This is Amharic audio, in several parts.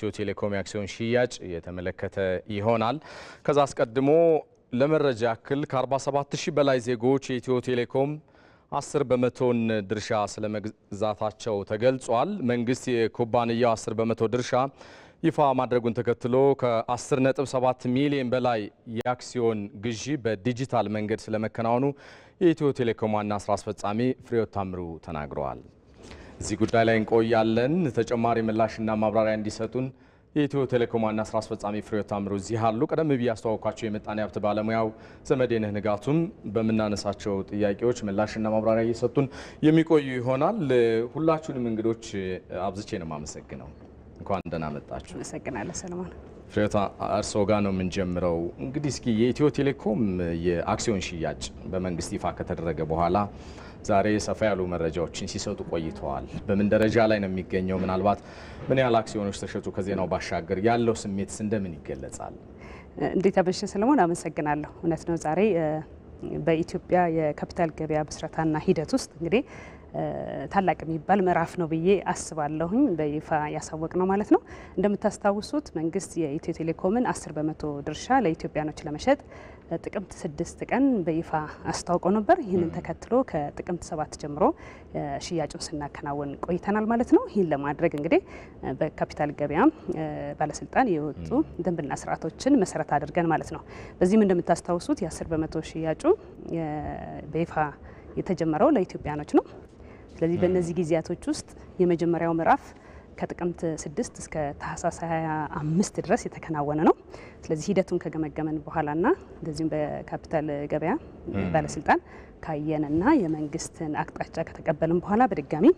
የኢትዮ ቴሌኮም የአክሲዮን ሽያጭ የተመለከተ ይሆናል። ከዛ አስቀድሞ ለመረጃ ያክል ከ47 ሺህ በላይ ዜጎች የኢትዮ ቴሌኮም 10 በመቶን ድርሻ ስለመግዛታቸው ተገልጿል። መንግስት የኩባንያው 10 በመቶ ድርሻ ይፋ ማድረጉን ተከትሎ ከ10.7 ሚሊዮን በላይ የአክሲዮን ግዢ በዲጂታል መንገድ ስለመከናወኑ የኢትዮ ቴሌኮም ዋና ስራ አስፈጻሚ ፍሬሕይወት ታምሩ ተናግረዋል። እዚህ ጉዳይ ላይ እንቆያለን። ተጨማሪ ምላሽና ማብራሪያ እንዲሰጡን የኢትዮ ቴሌኮም ዋና ስራ አስፈጻሚ ፍሬሕይወት ታምሩ እዚህ አሉ። ቀደም ብዬ ያስተዋወቅኳቸው የምጣኔ ሀብት ባለሙያው ዘመዴነህ ንጋቱም በምናነሳቸው ጥያቄዎች ምላሽና ማብራሪያ እየሰጡን የሚቆዩ ይሆናል። ሁላችሁንም እንግዶች አብዝቼ ነው የማመሰግነው። እንኳን ደህና መጣችሁ። አመሰግናለሁ ሰለሞን። ፍሬታ እርስዎ ጋር ነው የምንጀምረው። እንግዲህ እስኪ የኢትዮ ቴሌኮም የአክሲዮን ሽያጭ በመንግስት ይፋ ከተደረገ በኋላ ዛሬ ሰፋ ያሉ መረጃዎችን ሲሰጡ ቆይተዋል። በምን ደረጃ ላይ ነው የሚገኘው? ምናልባት ምን ያህል አክሲዮኖች ተሸጡ? ከዜናው ባሻገር ያለው ስሜትስ እንደምን ይገለጻል? እንዴት አመሸ ሰለሞን፣ አመሰግናለሁ። እውነት ነው ዛሬ በኢትዮጵያ የካፒታል ገበያ ምስረታና ሂደት ውስጥ እንግዲህ ታላቅ የሚባል ምዕራፍ ነው ብዬ አስባለሁኝ። በይፋ ያሳወቅ ነው ማለት ነው። እንደምታስታውሱት መንግስት የኢትዮ ቴሌኮምን አስር በመቶ ድርሻ ለኢትዮጵያኖች ለመሸጥ ጥቅምት ስድስት ቀን በይፋ አስታውቆ ነበር። ይህንን ተከትሎ ከጥቅምት ሰባት ጀምሮ ሽያጩን ስናከናወን ቆይተናል ማለት ነው። ይህን ለማድረግ እንግዲህ በካፒታል ገበያ ባለስልጣን የወጡ ደንብና ስርዓቶችን መሰረት አድርገን ማለት ነው። በዚህም እንደምታስታውሱት የ10 በመቶ ሽያጩ በይፋ የተጀመረው ለኢትዮጵያኖች ነው። ስለዚህ በእነዚህ ጊዜያቶች ውስጥ የመጀመሪያው ምዕራፍ ከጥቅምት 6 እስከ ታህሳስ 25 ድረስ የተከናወነ ነው። ስለዚህ ሂደቱን ከገመገመን በኋላና እንደዚሁም በካፒታል ገበያ ባለስልጣን ካየንና የመንግስትን አቅጣጫ ከተቀበልን በኋላ በድጋሚ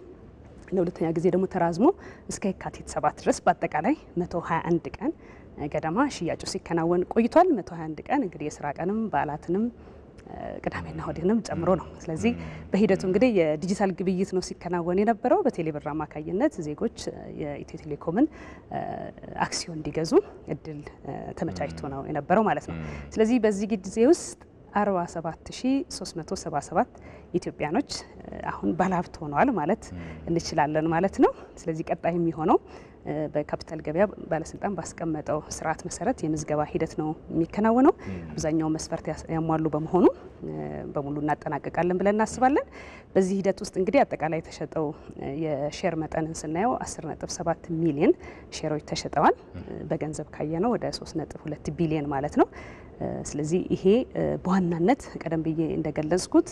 ለሁለተኛ ጊዜ ደግሞ ተራዝሞ እስከ የካቲት 7 ድረስ በአጠቃላይ 121 ቀን ገደማ ሽያጩ ሲከናወን ቆይቷል። 121 ቀን እንግዲህ የስራ ቀንም በዓላትንም ቅዳሜና እሁድንም ጨምሮ ነው። ስለዚህ በሂደቱ እንግዲህ የዲጂታል ግብይት ነው ሲከናወን የነበረው። በቴሌብር አማካኝነት ዜጎች የኢትዮ ቴሌኮምን አክሲዮን እንዲገዙ እድል ተመቻችቶ ነው የነበረው ማለት ነው። ስለዚህ በዚህ ጊዜ ውስጥ 47377 ኢትዮጵያኖች አሁን ባለሀብት ሆነዋል ማለት እንችላለን ማለት ነው። ስለዚህ ቀጣይ የሚሆነው በካፒታል ገበያ ባለስልጣን ባስቀመጠው ስርዓት መሰረት የምዝገባ ሂደት ነው የሚከናወነው። አብዛኛው መስፈርት ያሟሉ በመሆኑ በሙሉ እናጠናቀቃለን ብለን እናስባለን። በዚህ ሂደት ውስጥ እንግዲህ አጠቃላይ የተሸጠው የሼር መጠንን ስናየው 10.7 ሚሊዮን ሼሮች ተሸጠዋል። በገንዘብ ካየ ነው ወደ 3.2 ቢሊዮን ማለት ነው። ስለዚህ ይሄ በዋናነት ቀደም ብዬ እንደገለጽኩት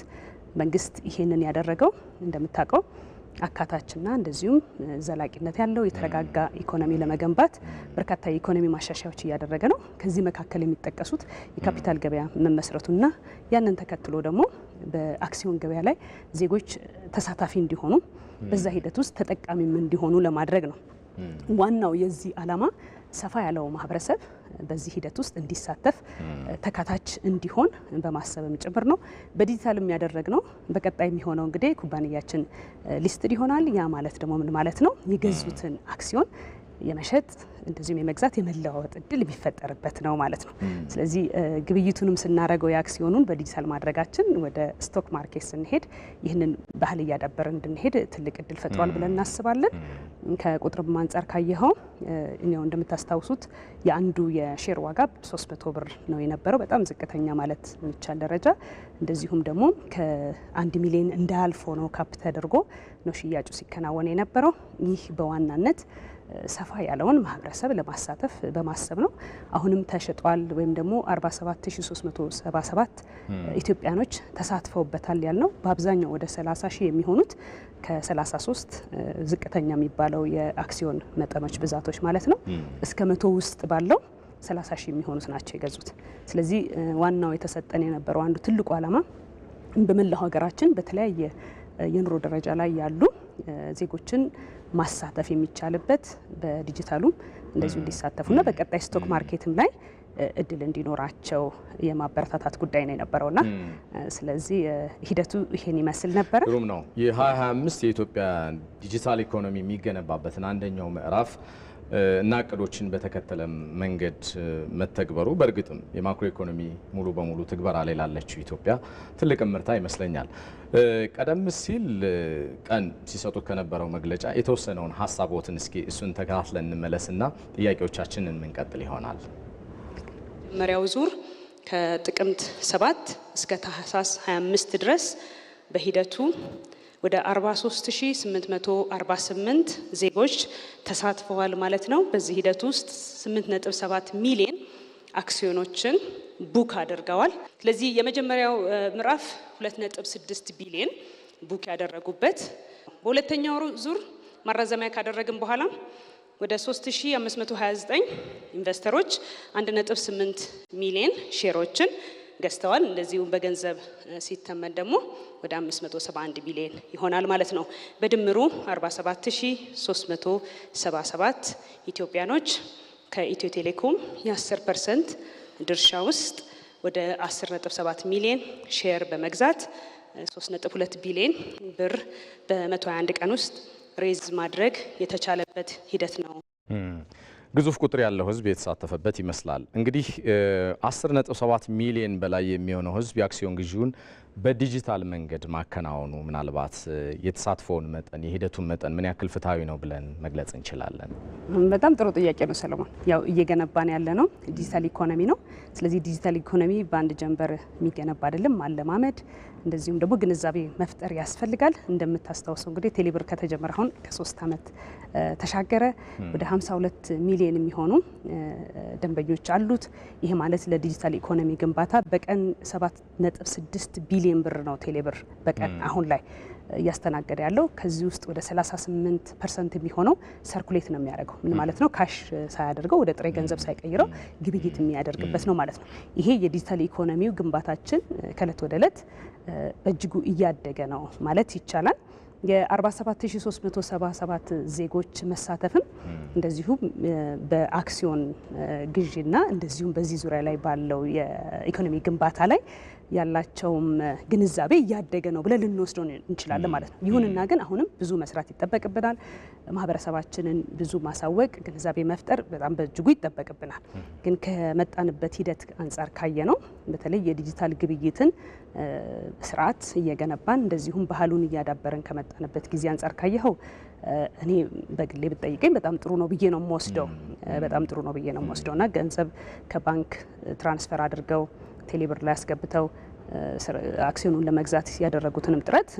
መንግስት ይሄንን ያደረገው እንደምታውቀው አካታችና እንደዚሁም ዘላቂነት ያለው የተረጋጋ ኢኮኖሚ ለመገንባት በርካታ የኢኮኖሚ ማሻሻያዎች እያደረገ ነው። ከዚህ መካከል የሚጠቀሱት የካፒታል ገበያ መመስረቱና ያንን ተከትሎ ደግሞ በአክሲዮን ገበያ ላይ ዜጎች ተሳታፊ እንዲሆኑ በዛ ሂደት ውስጥ ተጠቃሚም እንዲሆኑ ለማድረግ ነው። ዋናው የዚህ ዓላማ ሰፋ ያለው ማህበረሰብ በዚህ ሂደት ውስጥ እንዲሳተፍ ተካታች እንዲሆን በማሰብም ጭምር ነው። በዲጂታልም የሚያደረግ ነው። በቀጣይ የሚሆነው እንግዲህ ኩባንያችን ሊስትድ ይሆናል። ያ ማለት ደግሞ ምን ማለት ነው? የገዙትን አክሲዮን የመሸጥ እንደዚሁም የመግዛት የመለዋወጥ እድል የሚፈጠርበት ነው ማለት ነው። ስለዚህ ግብይቱንም ስናደርገው የአክሲዮኑን በዲጂታል ማድረጋችን ወደ ስቶክ ማርኬት ስንሄድ ይህንን ባህል እያዳበረ እንድንሄድ ትልቅ እድል ፈጥሯል ብለን እናስባለን። ከቁጥርም አንጻር ካየኸው እኛው እንደምታስታውሱት የአንዱ የሼር ዋጋ 300 ብር ነው የነበረው፣ በጣም ዝቅተኛ ማለት የሚቻል ደረጃ። እንደዚሁም ደግሞ ከአንድ ሚሊዮን እንዳያልፎ ነው ካፕ ተደርጎ ነው ሽያጩ ሲከናወን የነበረው ይህ በዋናነት ሰፋ ያለውን ማህበረሰብ ለማሳተፍ በማሰብ ነው። አሁንም ተሽጧል ወይም ደግሞ 47377 ኢትዮጵያኖች ተሳትፈውበታል ያልነው በአብዛኛው ወደ 30 ሺህ የሚሆኑት ከ33 ዝቅተኛ የሚባለው የአክሲዮን መጠኖች ብዛቶች ማለት ነው እስከ መቶ ውስጥ ባለው 30 ሺህ የሚሆኑት ናቸው የገዙት። ስለዚህ ዋናው የተሰጠን የነበረው አንዱ ትልቁ ዓላማ በመላው ሀገራችን በተለያየ የኑሮ ደረጃ ላይ ያሉ ዜጎችን ማሳተፍ የሚቻልበት በዲጂታሉም እንደዚሁ እንዲሳተፉና በቀጣይ ስቶክ ማርኬትም ላይ እድል እንዲኖራቸው የማበረታታት ጉዳይ ነው ና ስለዚህ ሂደቱ ይሄን ይመስል ነበረ። ግሩም ነው። የ2025 የኢትዮጵያ ዲጂታል ኢኮኖሚ የሚገነባበትን አንደኛው ምዕራፍ እና እቅዶችን በተከተለ መንገድ መተግበሩ በእርግጥም የማክሮ ኢኮኖሚ ሙሉ በሙሉ ትግበራ ላይ ላለችው ኢትዮጵያ ትልቅ ምርታ ይመስለኛል። ቀደም ሲል ቀን ሲሰጡት ከነበረው መግለጫ የተወሰነውን ሀሳቦትን እስኪ እሱን ተከታትለን እንመለስና ጥያቄዎቻችንን የምንቀጥል ይሆናል። መጀመሪያው ዙር ከጥቅምት 7 እስከ ታህሳስ 25 ድረስ በሂደቱ ወደ 43848 ዜጎች ተሳትፈዋል ማለት ነው። በዚህ ሂደት ውስጥ 8.7 ሚሊዮን አክሲዮኖችን ቡክ አድርገዋል። ስለዚህ የመጀመሪያው ምዕራፍ 2.6 ቢሊዮን ቡክ ያደረጉበት በሁለተኛው ዙር ማራዘሚያ ካደረግን በኋላ ወደ 3529 ኢንቨስተሮች 1.8 ሚሊዮን ሼሮችን ገዝተዋል። እንደዚሁም በገንዘብ ሲተመን ደግሞ ወደ 571 ቢሊዮን ይሆናል ማለት ነው። በድምሩ 47377 ኢትዮጵያኖች ከኢትዮ ቴሌኮም የ10 ፐርሰንት ድርሻ ውስጥ ወደ 10.7 ሚሊዮን ሼር በመግዛት 3.2 ቢሊዮን ብር በ121 ቀን ውስጥ ሬዝ ማድረግ የተቻለበት ሂደት ነው። ግዙፍ ቁጥር ያለው ህዝብ የተሳተፈበት ይመስላል። እንግዲህ 10.7 ሚሊዮን በላይ የሚሆነው ህዝብ የአክሲዮን ግዢውን በዲጂታል መንገድ ማከናወኑ ምናልባት የተሳትፎውን መጠን የሂደቱን መጠን ምን ያክል ፍትሐዊ ነው ብለን መግለጽ እንችላለን? በጣም ጥሩ ጥያቄ ነው ሰለሞን። ያው እየገነባን ያለ ነው ዲጂታል ኢኮኖሚ ነው። ስለዚህ ዲጂታል ኢኮኖሚ በአንድ ጀንበር የሚገነባ አይደለም። ማለማመድ እንደዚሁም ደግሞ ግንዛቤ መፍጠር ያስፈልጋል። እንደምታስታውሰው እንግዲህ ቴሌብር ከተጀመረ አሁን ከሶስት ዓመት ተሻገረ። ወደ 52 ሚሊዮን የሚሆኑ ደንበኞች አሉት። ይህ ማለት ለዲጂታል ኢኮኖሚ ግንባታ በቀን 7.6 ቢሊዮን ብር ነው ቴሌብር በቀን አሁን ላይ እያስተናገደ ያለው። ከዚህ ውስጥ ወደ 38 ፐርሰንት የሚሆነው ሰርኩሌት ነው የሚያደርገው። ምን ማለት ነው? ካሽ ሳያደርገው ወደ ጥሬ ገንዘብ ሳይቀይረው ግብይት የሚያደርግበት ነው ማለት ነው። ይሄ የዲጂታል ኢኮኖሚው ግንባታችን ከእለት ወደ እለት በእጅጉ እያደገ ነው ማለት ይቻላል። የ47377 ዜጎች መሳተፍም እንደዚሁም በአክሲዮን ግዢና እንደዚሁም በዚህ ዙሪያ ላይ ባለው የኢኮኖሚ ግንባታ ላይ ያላቸውም ግንዛቤ እያደገ ነው ብለን ልንወስደው እንችላለን ማለት ነው። ይሁንና ግን አሁንም ብዙ መስራት ይጠበቅብናል። ማህበረሰባችንን ብዙ ማሳወቅ፣ ግንዛቤ መፍጠር በጣም በእጅጉ ይጠበቅብናል። ግን ከመጣንበት ሂደት አንጻር ካየ ነው በተለይ የዲጂታል ግብይትን ስርዓት እየገነባን እንደዚሁም ባህሉን እያዳበረን ከመጣንበት ጊዜ አንጻር ካየኸው እኔ በግሌ ብጠይቀኝ በጣም ጥሩ ነው ብዬ ነው የምወስደው። በጣም ጥሩ ነው ብዬ ነው የምወስደው እና ገንዘብ ከባንክ ትራንስፈር አድርገው ቴሌብር ላይ አስገብተው አክሲዮኑን ለመግዛት ያደረጉትንም ጥረት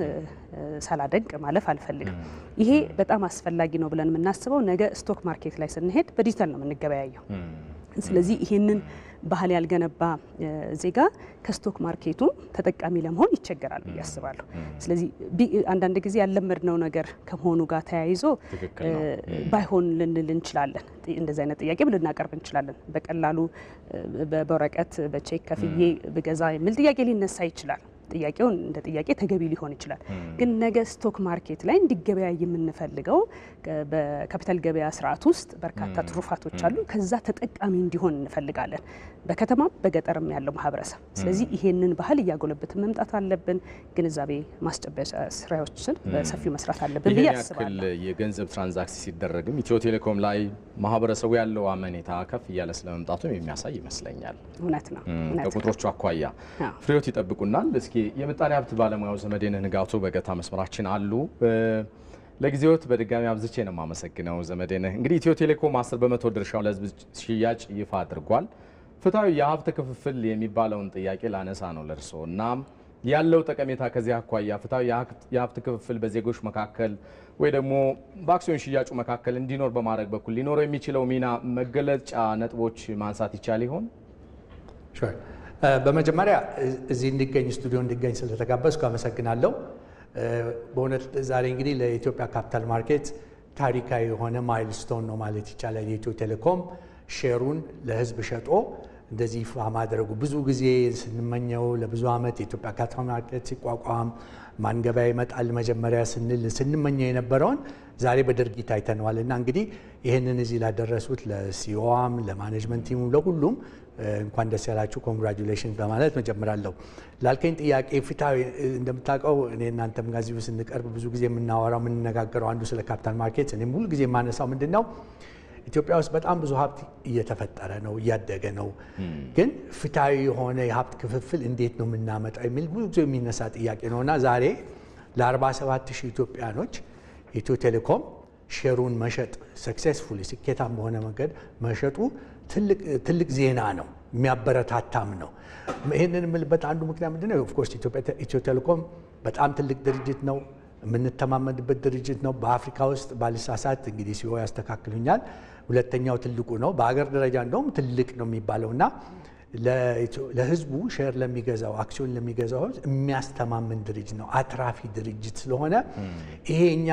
ሳላደንቅ ማለፍ አልፈልግም። ይሄ በጣም አስፈላጊ ነው ብለን የምናስበው ነገ ስቶክ ማርኬት ላይ ስንሄድ በዲጂታል ነው የምንገበያየው። ስለዚህ ይሄንን ባህል ያልገነባ ዜጋ ከስቶክ ማርኬቱ ተጠቃሚ ለመሆን ይቸገራል ብዬ አስባለሁ። ስለዚህ አንዳንድ ጊዜ ያለመድነው ነገር ከመሆኑ ጋር ተያይዞ ባይሆን ልንል እንችላለን። እንደዚህ አይነት ጥያቄ ልናቀርብ እንችላለን። በቀላሉ በወረቀት በቼክ ከፍዬ ብገዛ የሚል ጥያቄ ሊነሳ ይችላል። ጥያቄው እንደ ጥያቄ ተገቢ ሊሆን ይችላል። ግን ነገ ስቶክ ማርኬት ላይ እንዲገበያ የምንፈልገው በካፒታል ገበያ ስርዓት ውስጥ በርካታ ትሩፋቶች አሉ። ከዛ ተጠቃሚ እንዲሆን እንፈልጋለን፣ በከተማም በገጠርም ያለው ማህበረሰብ። ስለዚህ ይሄንን ባህል እያጎለበትን መምጣት አለብን። ግንዛቤ ማስጨበጫ ስራዎችን በሰፊው መስራት አለብን ብዬ አስባለሁ። የገንዘብ ትራንዛክሲ ሲደረግም ኢትዮ ቴሌኮም ላይ ማህበረሰቡ ያለው አመኔታ ከፍ እያለ ስለመምጣቱም የሚያሳይ ይመስለኛል። እውነት ነው። ከቁጥሮቹ አኳያ ፍሬዎት ይጠብቁናል እስኪ የምጣኔ ሀብት ባለሙያው ዘመዴነህ ንጋቱ በቀጥታ መስመራችን አሉ። ለጊዜዎት በድጋሚ አብዝቼ ነው የማመሰግነው ዘመዴነህ። እንግዲህ ኢትዮ ቴሌኮም 10 በመቶ ድርሻው ለህዝብ ሽያጭ ይፋ አድርጓል። ፍትሐዊ የሀብት ክፍፍል የሚባለውን ጥያቄ ላነሳ ነው ለእርሶ እና ያለው ጠቀሜታ ከዚህ አኳያ ፍትሐዊ የሀብት ክፍፍል በዜጎች መካከል ወይ ደግሞ በአክሲዮን ሽያጩ መካከል እንዲኖር በማድረግ በኩል ሊኖረው የሚችለው ሚና መገለጫ ነጥቦች ማንሳት ይቻል ይሆን? በመጀመሪያ እዚህ እንዲገኝ ስቱዲዮ እንዲገኝ ስለተጋበዝኩ አመሰግናለሁ። በእውነት ዛሬ እንግዲህ ለኢትዮጵያ ካፒታል ማርኬት ታሪካዊ የሆነ ማይልስቶን ነው ማለት ይቻላል። የኢትዮ ቴሌኮም ሼሩን ለሕዝብ ሸጦ እንደዚህ ይፋ ማድረጉ ብዙ ጊዜ ስንመኘው ለብዙ ዓመት የኢትዮጵያ ካፒታል ማርኬት ሲቋቋም ማን ገበያ ይመጣል መጀመሪያ ስንል ስንመኘው የነበረውን ዛሬ በድርጊት አይተነዋል እና እንግዲህ ይህንን እዚህ ላደረሱት ለሲዮዋም ለማኔጅመንት ቲሙ፣ ለሁሉም እንኳን ደስ ያላችሁ ኮንግራጁሌሽን በማለት መጀምራለሁ። ላልከኝ ጥያቄ ፍትሐዊ፣ እንደምታውቀው እኔ እናንተም ጋዚሁ ስንቀርብ ብዙ ጊዜ የምናወራው የምንነጋገረው አንዱ ስለ ካፒታል ማርኬት፣ እኔም ሁል ጊዜ የማነሳው ምንድን ነው ኢትዮጵያ ውስጥ በጣም ብዙ ሀብት እየተፈጠረ ነው፣ እያደገ ነው። ግን ፍትሐዊ የሆነ የሀብት ክፍፍል እንዴት ነው የምናመጣው የሚል ብዙ ጊዜ የሚነሳ ጥያቄ ነው እና ዛሬ ለ47 ሺህ ኢትዮጵያኖች ኢትዮ ቴሌኮም ሼሩን መሸጥ ሰክሴስፉሊ ስኬታም በሆነ መንገድ መሸጡ ትልቅ ዜና ነው፣ የሚያበረታታም ነው። ይህንን የምልበት አንዱ ምክንያት ምንድን ነው? ኦፍኮርስ ኢትዮ ቴሌኮም በጣም ትልቅ ድርጅት ነው፣ የምንተማመንበት ድርጅት ነው። በአፍሪካ ውስጥ ባልሳሳት እንግዲህ ሲሆ ያስተካክሉኛል፣ ሁለተኛው ትልቁ ነው። በሀገር ደረጃ እንደውም ትልቅ ነው የሚባለው እና ለህዝቡ ሼር ለሚገዛው አክሲዮን ለሚገዛው ህዝብ የሚያስተማምን ድርጅት ነው፣ አትራፊ ድርጅት ስለሆነ ይሄ እኛ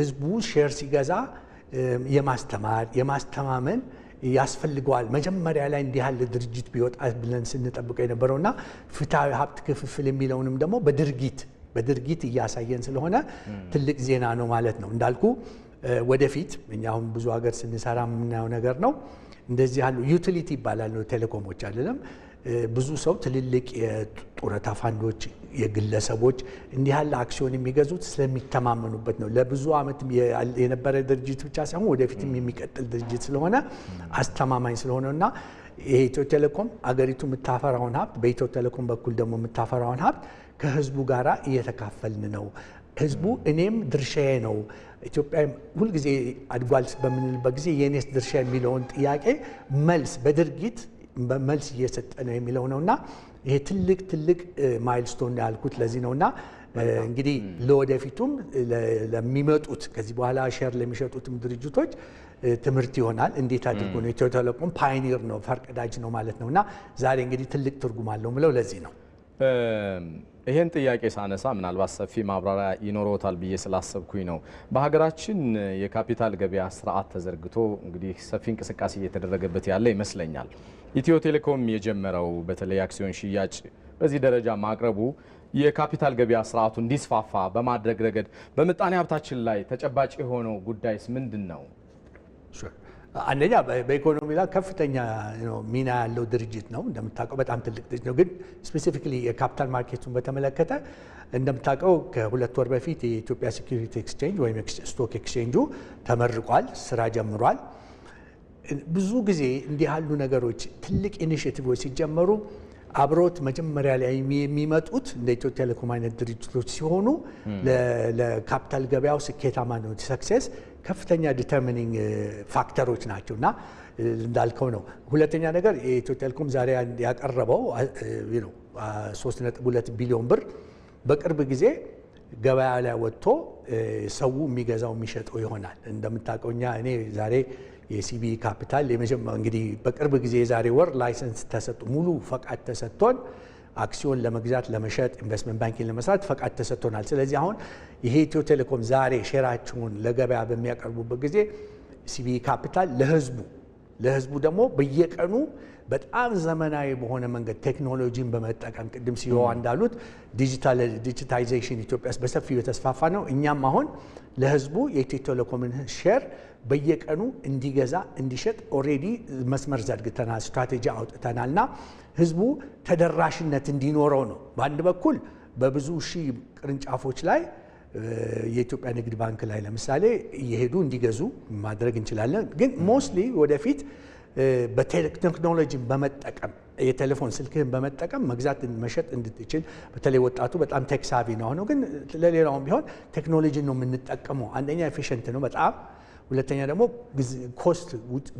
ህዝቡ ሼር ሲገዛ የማስተማር የማስተማመን ያስፈልገዋል። መጀመሪያ ላይ እንዲህ ያለ ድርጅት ቢወጣ ብለን ስንጠብቀው ና ፍትሐዊ ሀብት ክፍፍል የሚለውንም ደግሞ በድርጊት በድርጊት እያሳየን ስለሆነ ትልቅ ዜና ነው ማለት ነው። እንዳልኩ ወደፊት እኛ አሁን ብዙ ሀገር ስንሰራ የምናየው ነገር ነው። እንደዚህ ያሉ ዩቲሊቲ ይባላል ነው ቴሌኮሞች አይደለም ብዙ ሰው ትልልቅ የጡረታ ፋንዶች የግለሰቦች እንዲህ ያለ አክሲዮን የሚገዙት ስለሚተማመኑበት ነው። ለብዙ ዓመት የነበረ ድርጅት ብቻ ሳይሆን ወደፊትም የሚቀጥል ድርጅት ስለሆነ አስተማማኝ ስለሆነ እና ይሄ ኢትዮ ቴሌኮም አገሪቱ የምታፈራውን ሀብት በኢትዮ ቴሌኮም በኩል ደግሞ የምታፈራውን ሀብት ከህዝቡ ጋር እየተካፈልን ነው። ህዝቡ እኔም ድርሻዬ ነው ኢትዮጵያ ሁልጊዜ አድጓል በምንልበት ጊዜ የኔስ ድርሻ የሚለውን ጥያቄ መልስ በድርጊት መልስ እየሰጠ ነው የሚለው ነው እና ይሄ ትልቅ ትልቅ ማይልስቶን ያልኩት ለዚህ ነው እና እንግዲህ ለወደፊቱም ለሚመጡት ከዚህ በኋላ ሼር ለሚሸጡትም ድርጅቶች ትምህርት ይሆናል። እንዴት አድርጎ ነው ኢትዮ ቴሌኮም ፓይኒር ነው ፈርቀዳጅ ነው ማለት ነው እና ዛሬ እንግዲህ ትልቅ ትርጉም አለው ምለው ለዚህ ነው። ይህን ጥያቄ ሳነሳ ምናልባት ሰፊ ማብራሪያ ይኖረታል ብዬ ስላሰብኩኝ ነው። በሀገራችን የካፒታል ገበያ ስርዓት ተዘርግቶ እንግዲህ ሰፊ እንቅስቃሴ እየተደረገበት ያለ ይመስለኛል። ኢትዮ ቴሌኮም የጀመረው በተለይ አክሲዮን ሽያጭ በዚህ ደረጃ ማቅረቡ የካፒታል ገበያ ስርዓቱ እንዲስፋፋ በማድረግ ረገድ በምጣኔ ሀብታችን ላይ ተጨባጭ የሆነው ጉዳይስ ምንድን ነው? አንደኛ በኢኮኖሚ ላይ ከፍተኛ ሚና ያለው ድርጅት ነው። እንደምታውቀው በጣም ትልቅ ድርጅት ነው። ግን ስፔሲፊካሊ የካፒታል ማርኬቱን በተመለከተ እንደምታውቀው ከሁለት ወር በፊት የኢትዮጵያ ሴኩሪቲ ኤክስቼንጅ ወይም ስቶክ ኤክስቼንጁ ተመርቋል፣ ስራ ጀምሯል። ብዙ ጊዜ እንዲህ ያሉ ነገሮች ትልቅ ኢኒሽቲቭ ሲጀመሩ አብሮት መጀመሪያ ላይ የሚመጡት እንደ ኢትዮ ቴሌኮም አይነት ድርጅቶች ሲሆኑ ለካፒታል ገበያው ስኬታማ ነው ሰክሴስ ከፍተኛ ዲተርሚኒንግ ፋክተሮች ናቸው እና እንዳልከው ነው። ሁለተኛ ነገር የኢትዮ ቴሌኮም ዛሬ ያቀረበው 3.2 ቢሊዮን ብር በቅርብ ጊዜ ገበያ ላይ ወጥቶ ሰው የሚገዛው የሚሸጠው ይሆናል። እንደምታውቀው እኛ እኔ ዛሬ የሲቢ ካፒታል የመጀመ እንግዲህ በቅርብ ጊዜ የዛሬ ወር ላይሰንስ ተሰጡ ሙሉ ፈቃድ ተሰጥቶን አክሲዮን ለመግዛት ለመሸጥ ኢንቨስትመንት ባንኪንግ ለመስራት ፈቃድ ተሰጥቶናል። ስለዚህ አሁን ይሄ ኢትዮ ቴሌኮም ዛሬ ሼራችሁን ለገበያ በሚያቀርቡበት ጊዜ ሲቢ ካፒታል ለህዝቡ ለህዝቡ ደግሞ በየቀኑ በጣም ዘመናዊ በሆነ መንገድ ቴክኖሎጂን በመጠቀም ቅድም ሲሆዋ እንዳሉት ዲጂታይዜሽን ኢትዮጵያ ውስጥ በሰፊው የተስፋፋ ነው። እኛም አሁን ለህዝቡ የኢትዮ ቴሌኮምን ሼር በየቀኑ እንዲገዛ እንዲሸጥ ኦሬዲ መስመር ዘርግተናል፣ ስትራቴጂ አውጥተናል እና ህዝቡ ተደራሽነት እንዲኖረው ነው በአንድ በኩል በብዙ ሺህ ቅርንጫፎች ላይ የኢትዮጵያ ንግድ ባንክ ላይ ለምሳሌ እየሄዱ እንዲገዙ ማድረግ እንችላለን። ግን ሞስትሊ ወደፊት በቴክኖሎጂን በመጠቀም የቴሌፎን ስልክህን በመጠቀም መግዛት መሸጥ እንድትችል በተለይ ወጣቱ በጣም ቴክሳቪ ነው ሆነው ግን ለሌላውም ቢሆን ቴክኖሎጂን ነው የምንጠቀመው። አንደኛ ኤፊሽንት ነው በጣም ሁለተኛ ደግሞ ኮስት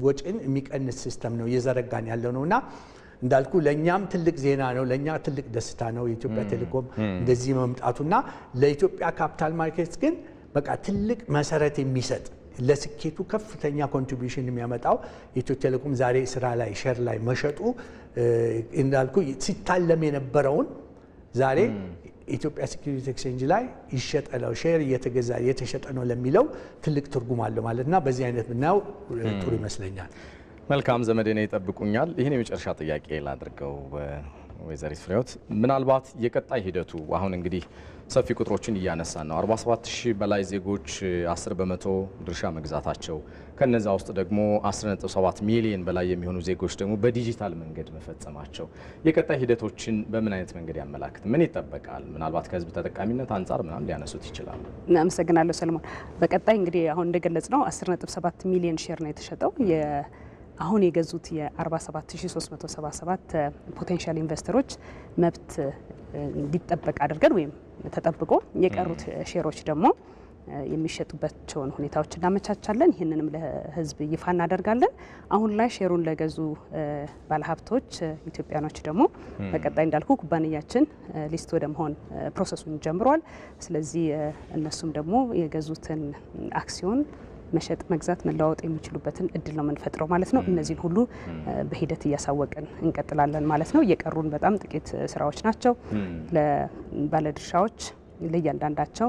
ወጪን የሚቀንስ ሲስተም ነው እየዘረጋን ያለው ነው እና እንዳልኩ ለእኛም ትልቅ ዜና ነው፣ ለእኛ ትልቅ ደስታ ነው የኢትዮጵያ ቴሌኮም እንደዚህ መምጣቱና ለኢትዮጵያ ካፒታል ማርኬት ግን በቃ ትልቅ መሰረት የሚሰጥ ለስኬቱ ከፍተኛ ኮንትሪቢሽን የሚያመጣው ኢትዮ ቴሌኮም ዛሬ ስራ ላይ ሸር ላይ መሸጡ እንዳልኩ ሲታለም የነበረውን ዛሬ ኢትዮጵያ ሴኪሪቲ ኤክስቼንጅ ላይ ይሸጠለው ነው ሼር እየተገዛ እየተሸጠ ነው ለሚለው ትልቅ ትርጉም አለው ማለት እና በዚህ አይነት ብናየው ጥሩ ይመስለኛል። መልካም ዘመዴ ይጠብቁኛል። ይህን የመጨረሻ ጥያቄ ላድርገው። ወይዘሪት ፍሬዎት ምናልባት የቀጣይ ሂደቱ አሁን እንግዲህ ሰፊ ቁጥሮችን እያነሳን ነው። 47 ሺህ በላይ ዜጎች 10 በመቶ ድርሻ መግዛታቸው ከነዛ ውስጥ ደግሞ 17 ሚሊዮን በላይ የሚሆኑ ዜጎች ደግሞ በዲጂታል መንገድ መፈጸማቸው የቀጣይ ሂደቶችን በምን አይነት መንገድ ያመላክት? ምን ይጠበቃል? ምናልባት ከህዝብ ተጠቃሚነት አንጻር ምናም ሊያነሱት ይችላሉ። አመሰግናለሁ ሰለሞን። በቀጣይ እንግዲህ አሁን እንደገለጽ ነው 17 ሚሊዮን ሼር ነው የተሸጠው አሁን የገዙት የ47377 ፖቴንሻል ኢንቨስተሮች መብት እንዲጠበቅ አድርገን ወይም ተጠብቆ የቀሩት ሼሮች ደግሞ የሚሸጡባቸውን ሁኔታዎች እናመቻቻለን። ይህንንም ለህዝብ ይፋ እናደርጋለን። አሁን ላይ ሼሩን ለገዙ ባለሀብቶች ኢትዮጵያኖች ደግሞ በቀጣይ እንዳልኩ ኩባንያችን ሊስት ወደ መሆን ፕሮሰሱን ጀምሯል። ስለዚህ እነሱም ደግሞ የገዙትን አክሲዮን መሸጥ፣ መግዛት፣ መለዋወጥ የሚችሉበትን እድል ነው የምንፈጥረው ማለት ነው። እነዚህን ሁሉ በሂደት እያሳወቅን እንቀጥላለን ማለት ነው። የቀሩን በጣም ጥቂት ስራዎች ናቸው። ለባለድርሻዎች ለእያንዳንዳቸው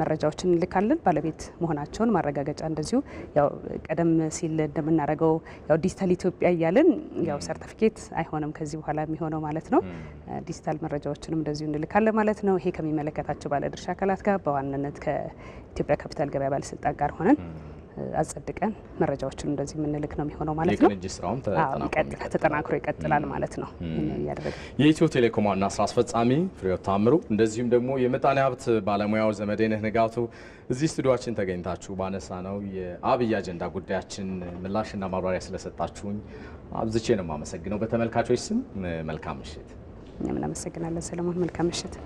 መረጃዎችን እንልካለን። ባለቤት መሆናቸውን ማረጋገጫ እንደዚሁ ያው ቀደም ሲል እንደምናደርገው ያው ዲጂታል ኢትዮጵያ እያልን ያው ሰርተፊኬት አይሆንም ከዚህ በኋላ የሚሆነው ማለት ነው። ዲጂታል መረጃዎችንም እንደዚሁ እንልካለን ማለት ነው። ይሄ ከሚመለከታቸው ባለድርሻ አካላት ጋር በዋናነት ከኢትዮጵያ ካፒታል ገበያ ባለስልጣን ጋር ሆነን አጸድቀን መረጃዎችን እንደዚህ የምንልክ ነው የሚሆነው ማለት ነው። የቅንጅት ስራውን ተጠናክሮ ይቀጥላል ማለት ነው። የኢትዮ ቴሌኮም ዋና ስራ አስፈጻሚ ፍሬሕይወት ታምሩ እንደዚሁም ደግሞ የምጣኔ ሀብት ባለሙያው ዘመዴነህ ንጋቱ እዚህ ስቱዲዮችን ተገኝታችሁ ባነሳ ነው የአብይ አጀንዳ ጉዳያችን ምላሽና ማብራሪያ ስለሰጣችሁኝ አብዝቼ ነው የማመሰግነው። በተመልካቾች ስም መልካም ምሽት። እኛም እናመሰግናለን ሰለሞን። መልካም ምሽት።